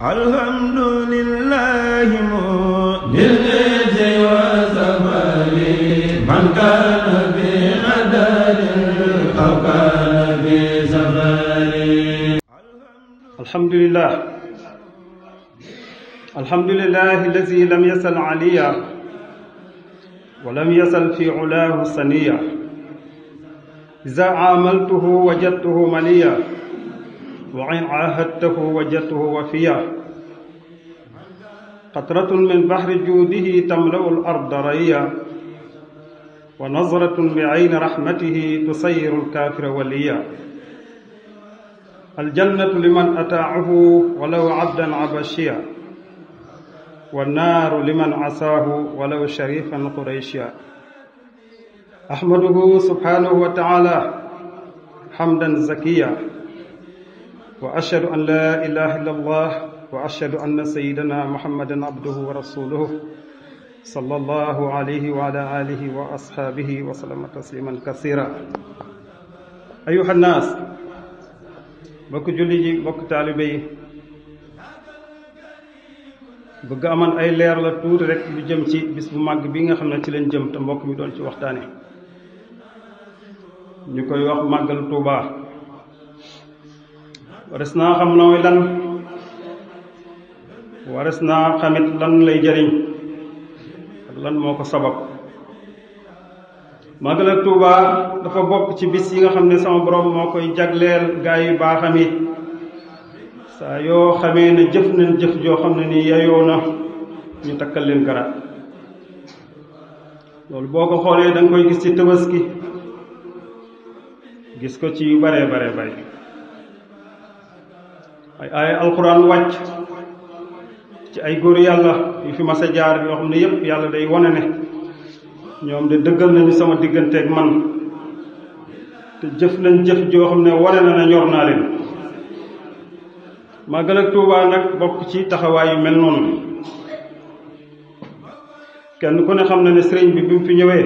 alhamdulillahi mu lil ijay wa zamali man kaana bi adarin aw kaana bi safari alhamdulillah alhamdulillahi allazi lam yasal aliya wa lam yasal fi ulaahu saniya iza amaltuhu wajadtuhu maliya وإن عاهدته وجدته وفيا قطرة من بحر جوده تملأ الأرض ريا ونظرة بعين رحمته تسير الكافر وليا الجنة لمن أتاعه ولو عبدا عبشيا والنار لمن عصاه ولو شريفا قريشيا أحمده سبحانه وتعالى حمدا زكيا wa ashhadu an laa ilaha illa wa ashhadu anna sayyidana muhammadan abduhu wa rasuluhu sallallahu alayhi wa ala wa ashaabihi wa sallama tasliman kasira ayuha nnaas bokk julli ji bokk taalibe yi bëgg aman ay leer la tuuti rek lu jëm ci bis bu màgg bi nga xam ne ci leen jëm te mbokk mi doon ci waxtaane ñu koy wax màggalu Tuubaa wares naa xam na muy lan wares naa xamit lan lay jëriñ ak lan moo ko sabab magal ak Tuuba dafa bokk ci bis yi nga xam ne sama borom moo koy jagleel gaa yu baaxam yi saa yoo xamee ne jëf nañ jëf joo xam ne ni yayoo na ñu takkal leen garaat loolu boo ko xoolee da nga koy gis ci tabaski gis ko ci yu baree baree bari ay ay wàcc ci ay góor yàlla yu fi mas a jaar yoo xam ne yëpp yàlla day wane ne ñoom de dëggal nañu sama digganteeg man te jëf nañ jëf joo xam ne wane na ne ñor naa leen màggal ak Tuubaa nag bokk ci taxawaay yu mel noonu kenn ku ne xam na ne sëriñ bi bi mu fi ñëwee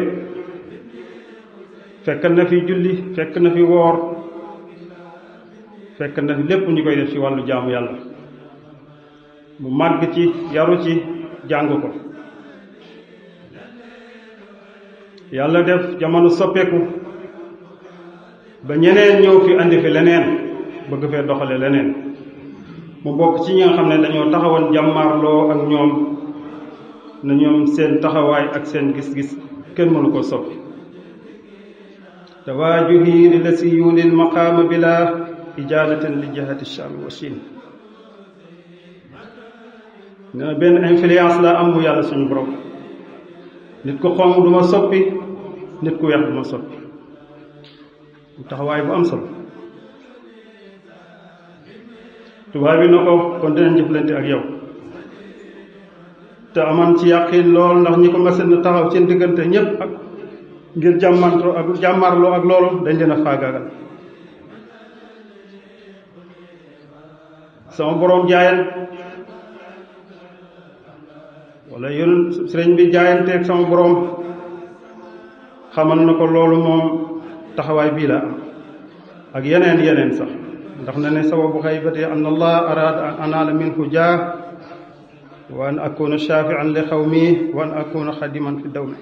fekk na fi julli fekk na fi woor fekk na lépp ñu koy def ci wàllu jaamu yàlla mu màgg ci yaru ci jàng ko yàlla def jamono soppeeku ba ñeneen ñëw fi andi fi leneen bëgg fee doxale leneen mu bokk ci ñi nga xam ne dañoo taxawoon jàmmaarloo ak ñoom na ñoom seen taxawaay ak seen gis-gis kenn mënu ko soppi tawaajuhi lilasi yulil maqaama bilaa ijaazatan li jihati shaami wa nee na benn influence la am bu yàlla suñu borom nit ku xonq duma soppi nit ku weex du soppi bu am solo tubaab bi na ko kon dinañ jëflante ak yow te aman ci yàqin lool ndax ñi ko masen na taxaw seen diggante ñëpp ak ngir jàmmantoo ak jàmmarloo dañ leen a faagaagal sama boroom jaayant wala yón sëriñ bi jaayanteeg sama boroom xamal na ko loolu moom taxawaay bii la ak yeneen yeneen sax ndax na ne sababu xaybati an allah araada an anaala minhu jaa wa an akuna shafian li xawmi wa an akuna xadiman fi dawmi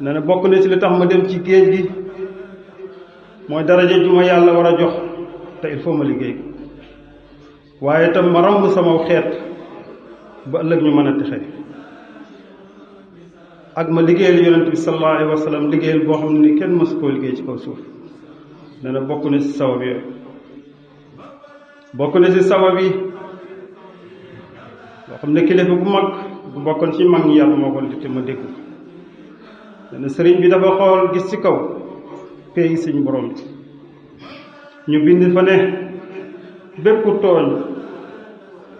ne na bokk na ci li tax ma dem ci géej gi mooy daraja ju ma yàlla war a jox te il faut ma liggéey ko waaye itam ma romb sama xeet ba ëllëg ñu mën a texe ak ma liggéeyal yonent bi sallallahu wa sallam liggéeyal boo xam ne ni kenn mësu koo liggéey ci kaw suuf nee na bokk na ci sabab ci sabab yi xam ne kilifa bu mag bu bokkoon ci mag ñi yar moo ko te ma dégg ko sëriñ bi dafa xool gis ci kaw si suñ borom bi ñu bind fa ne bépp tooñ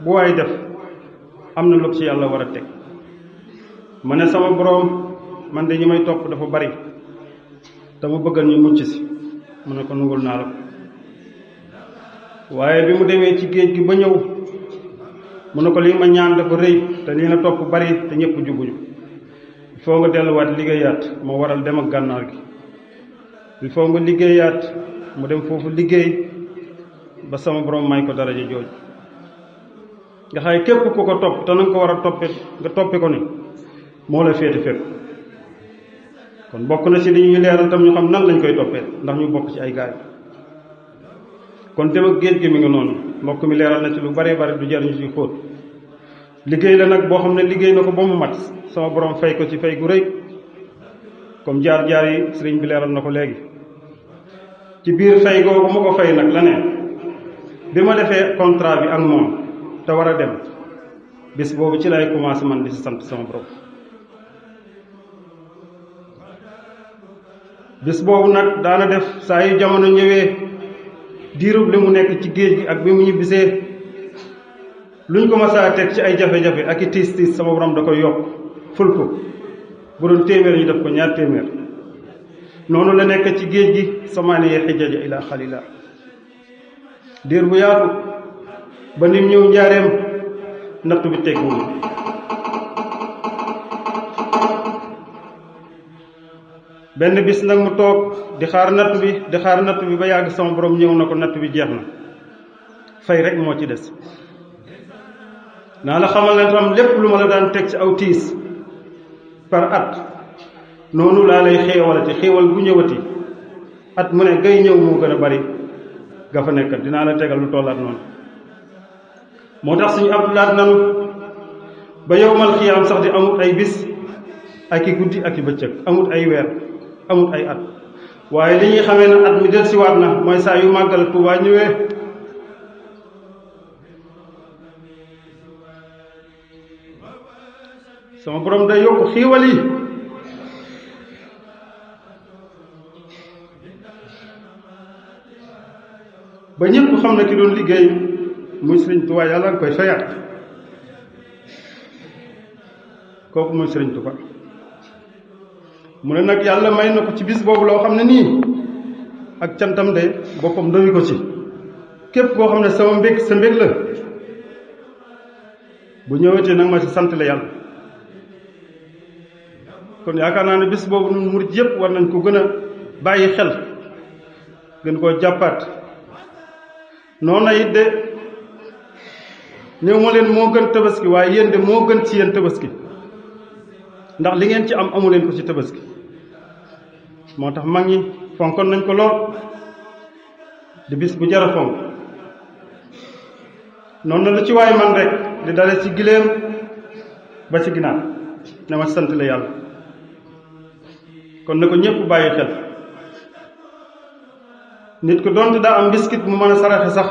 bu waay def am na lu ci yàlla war a teg ma ne sama boroom man de may topp dafa bari dama mu bëggal ñu mucc si mu ne ko nungul naa la waaye bi mu demee ci géej gi ba ñëw mu ne ko lii ma ñaan dafa rëy te lii nga topp bari te ñëpp jubuñu il faut nga delluwaat liggéeyaat moo waral dem ak gànnaar gi il nga liggéeyaat mu dem foofu liggéey ba sama borom may ko daraja jooju nga xay képp ku ko topp te na ko war a toppe nga toppe ko ni moo la féete fépp kon bokk na ci li ñuy leeral tam ñu xam nan lañ koy toppee ndax ñu bokk ci ay gaay kon dem géej gi mi ngi noonu mbokk mi leeral na ci lu bare bare du jar ñu ci xóot liggéey la nag boo xam ne liggéey na ko ba mu mat sama borom fay ko ci fay gu rëy comme jaar jaar yi sëriñ bi leeral na ko léegi ci biir fay googu ma ko fay nag la ne bi ma defee contrat bi ak moom te war a dem bis boobu ci lay commencé man di si sant sama borom bis boobu nag daana def saa yu jamono ñëwee diirub li mu nekk ci géej gi ak bi mu ñibbisee luñ ko masaa teg ci ay jafe-jafe ak i tiis tiis sama borom da ko yokk ful ko bu doon téeméer ñu def ko ñaar téeméer noonu la nekk ci géej gi samaaniya xijjaja ila xalila diir bu yaatu ba nim ñëw njaareem nattu bi teguwul benn bis nag mu toog di xaar natt bi di xaar natt bi ba yàgg sama borom ñëw na ko nattu bi jeex na fay rek moo ci des naa la xamal ne tam lépp lu ma la daan teg ci aw tiis par at noonu laa lay xéewalati xéewal bu ñëwati at mu ne ngay ñëw moo gën a bari ga fa nekk dinaa la tegal lu tollaat noonu moo tax suñu abdulaat nanu ba yowmal xiyaam sax di amut ay bis ak i guddi ak i bëccëg amut ay weer amut ay at waaye li ñuy xamee ne at mi del siwaat na mooy saa yu màggal Tuubaa ñëwee sama borom day yokk xiiwal yi ba ñëpp xam ne ki doon liggéey muy sëriñ Tuubaa yàlla nga koy fayaat kooku mooy sëriñ Tuubaa mu ne nag yàlla may na ko ci bis boobu loo xam ne nii ak cantam de boppam doyu ko ci képp koo xam ne sama mbég sa mbég la bu ñëwee ñëwetee nag ma ci sant la yàlla kon yaakaar naa ne bis boobu nun murit yëpp war nañ ko gën a bàyyi xel gën koo jàppaat na it de ñëw ma leen moo gën tabaski waaye yéen de moo gën ci yéen tabaski ndax li ngeen ci am amuleen leen ko ci tabaski moo tax mag ñi fonkoon nañ ko lool di bis bu jara fonk noonu na lu ci waay man rek di dale ci giléem ba ci ginaar ne ma sant la yàlla kon na ko ñëpp bàyyi xel nit ko donte daa am biskit mu mën a saraxe sax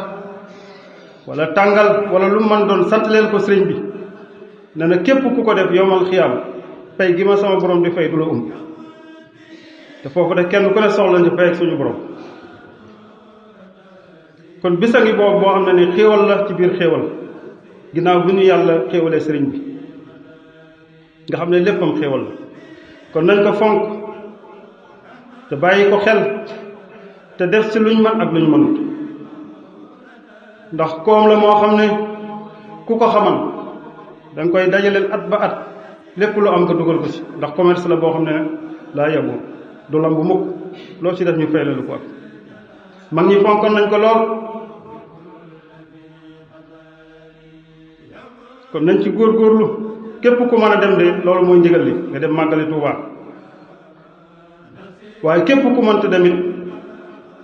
wala tàngal wala lu man doon sant leen ko sëriñ bi ne na képp ku ko def yomal xiyaam pay gi ma sama borom di fay du la um te foofu de kenn ku ne soxla ñu fay ak suñu borom kon bisa ngi boobu boo xam ne ni xéewal la ci biir xéewal ginnaaw bi ñu yàlla xéewalee sëriñ bi nga xam ne léppam xéewal la kon nañ ko fonk te bàyyi ko xel te def si luñ man ak luñ mënut ndax koom la moo xam ne ku ko xaman da nga koy dajaleel at ba at lépp lu am nga dugal ko ci ndax commerce la boo xam ne laa yeboo du lam bu mukk loo ci def ñu fay la lu ko ak mag ñi fonkoon nañ ko lool kon nañ ci góorgóorlu képp ku mën a dem de loolu mooy ndigal li nga dem màggali Tuubaa waaye képp ku mënta demit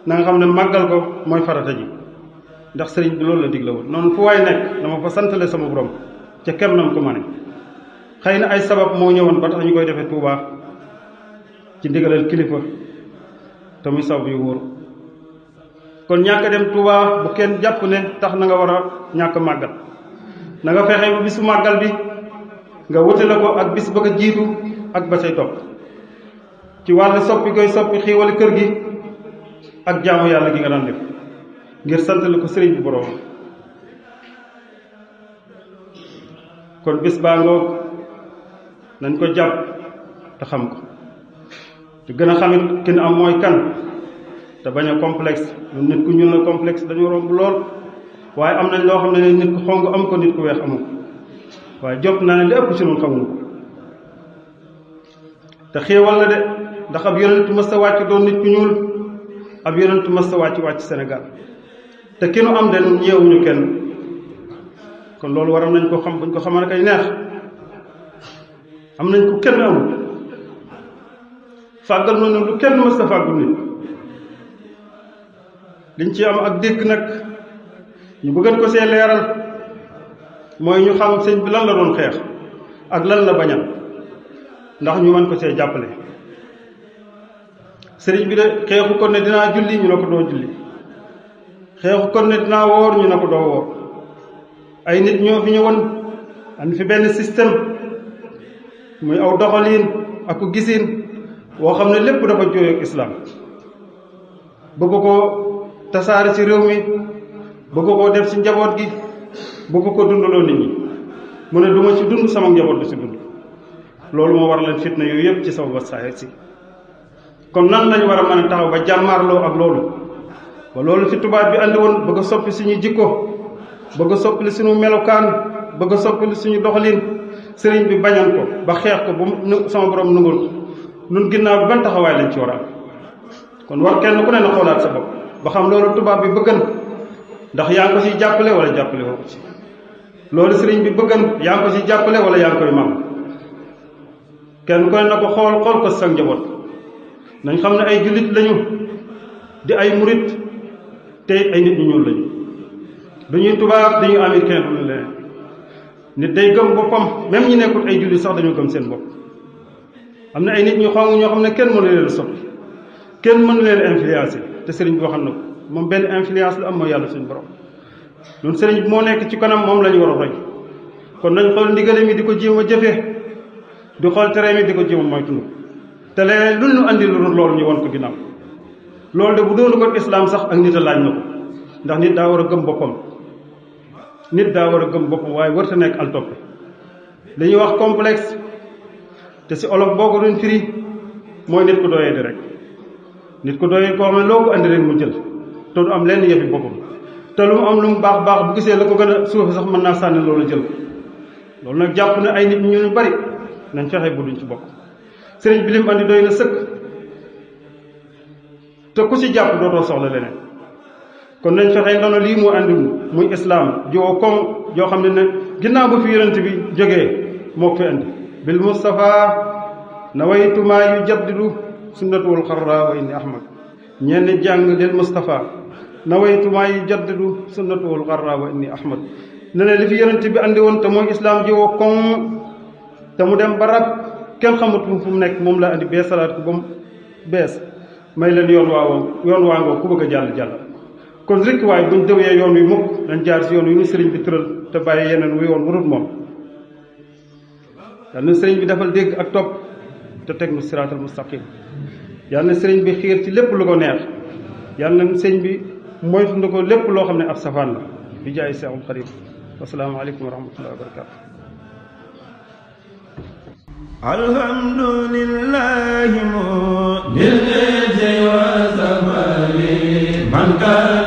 na xam ne màggal ko mooy farata ji ndax sëriñ bi loolu la digle woon noonu fu waay nekk dama fa santale sama borom ca kem nam ko ma ne xëy na ay sabab moo ñëwoon ba tax ñu koy defee tuubaa ci ndigalal kilifa te muy sabab yu wóor kon ñàkk dem tuubaa bu kenn jàpp ne tax na nga war a ñàkk màggal na nga fexe ba bisu màggal bi nga wutale ko ak bis ba ko jiitu ak ba say topp ci wàllu soppi koy soppi xiiwal kër gi ak jaamu yàlla gi nga daan def ngir santale ko sëriñ bi borom kon bis baa ngoog nañ ko jàpp te xam ko te gën a xamit ki nu am mooy kan te bañ a complexe ñun nit ku ñuul na complexe dañu romb lool waaye am nañ loo xam ne ne nit ku xong am ko nit ku weex amu ko waaye jot naa ne li ëpp ci ñun xamuñu ko te xéewal la de ndax ab yonent mës a wàcc doon nit ku ñuul ab yonent mas ta wàcc wàcc Sénégal te ki nu am de nun ñeewuñu kenn kon loolu waroon nañ koo xam buñ ko xaman kay neex am nañ ko kenn amul fàggal noonu lu kenn mas ta fàggul nit liñ ci am ak dégg nag ñu bëggan ko see leeral mooy ñu xam sëñ bi lan la doon xeex ak lan la bañal ndax ñu mën ko see jàppale sëriñ bi de xeexu ko ne dinaa julli ñu ne ko doo julli xeexu kon ne dinaa woor ñu ne ko doo woor ay nit ñoo fi ñëwoon an fi benn système muy aw doxaliin ak ku gisiin woo xam ne lépp dafa jóoyoog islaam bëgg ko tasaare ci réew mi bëgg koo def ci njaboot gi bëgg ko dundaloo nit ñi mu ne du ci dund sama njaboot du ci dund loolu moo war leen fitna yooyu yëpp ci sababu saa si kon nan lañu war a mën a taxaw ba jàmmaarloo ak loolu ba loolu fi tubaab bi andi woon bëgg a soppi suñu jikko bëgg a suñu melokaan bëgg a soppili suñu doxalin sëriñ bi bañoon ko ba xeex ko ba mu sama borom nungul nun ginnaaw bi ban taxawaay lañ ci war a kon war kenn ku ne na xoolaat sa bopp ba xam loolu tubaab bi bëggan ndax yaa ngi ko siy jàppale wala jàppale woo loolu sëriñ bi bëggan yaa ngi ko siy jàppale wala yaa ko koy kenn ku ne na ko xool xool ko nañ xam ne ay jullit lañu di ay murit tey ay nit ñu ñuul lañu duñuy tubaab dañuy américain du ñu leneen nit day gëm boppam même ñi nekkul ay jullit sax dañoo gëm seen bopp am na ay nit ñu xong ñoo xam ne kenn mënu leen soppi kenn mënu leen influencé te sëriñ bi xam ne ko moom benn influence lu am mooy yàlla suñu borom loolu sëriñ bi moo nekk ci kanam moom la ñu war a kon nañ xool ndigal mi di ko jéem a jëfee di xool tere mi di ko jéem a moytu te leneen lu ñu andi lu dul loolu ñu won ko ginnaaw loolu de bu doonu ko islaam sax ak nit a laaj na ndax nit daa war a gëm boppam nit daa war a gëm boppam waaye warta nekk al topp li ñuy wax complexe te si olof boo ko duñ firi mooy nit ku doyee di rek nit ku doyee koo xam loo ko andi rek mu jël te du am lenn yëfi boppam te lu mu am lu mu baax baax bu gisee la ko gën a suufe sax mën naa sànni loolu jël loolu nag jàpp ne ay nit ñu bari nañ fexe bu duñ ci bokk sëriñ bi lim andi doy na sëkk te ku ci jàpp dootoo soxla leneen kon nañ fexe ndono lii moo andi muy islaam joo koŋ joo xam ne ne ginnaaw bu fi yonent bi jógee moo fi andi bil mustapha nawaytu maa yu jaddidu sunnatuwul xarra wa inni ahmad ñenn jàng lil mustapha nawaytu maa yu jaddidu sunnatuwul xarra wa inni ahmad ne li fi yonent bi andi woon te mooy islaam ji koŋ te mu dem ba kenn xamatul fu mu nekk moom laa andi bees salaat ko ba mu bees may leen yoon waa yoon waa ngoo ku bëgg jàll jàll kon rek waaye buñ dëwee yoon wi mukk dañ jaar si yoon wi ñu sëriñ bi tëral te bàyyi yeneen wi yoon wurut moom yàlla na sëriñ bi defal dégg ak topp te teg nu siraatal mustaqim yàlla na sëriñ bi xiir ci lépp lu ko neex yàlla na sëriñ bi moytu na ko lépp loo xam ne ab safaan la bi jaay seexul xarit wasalaamaaleykum wa rahmatullahi wa alhamdulillahi mu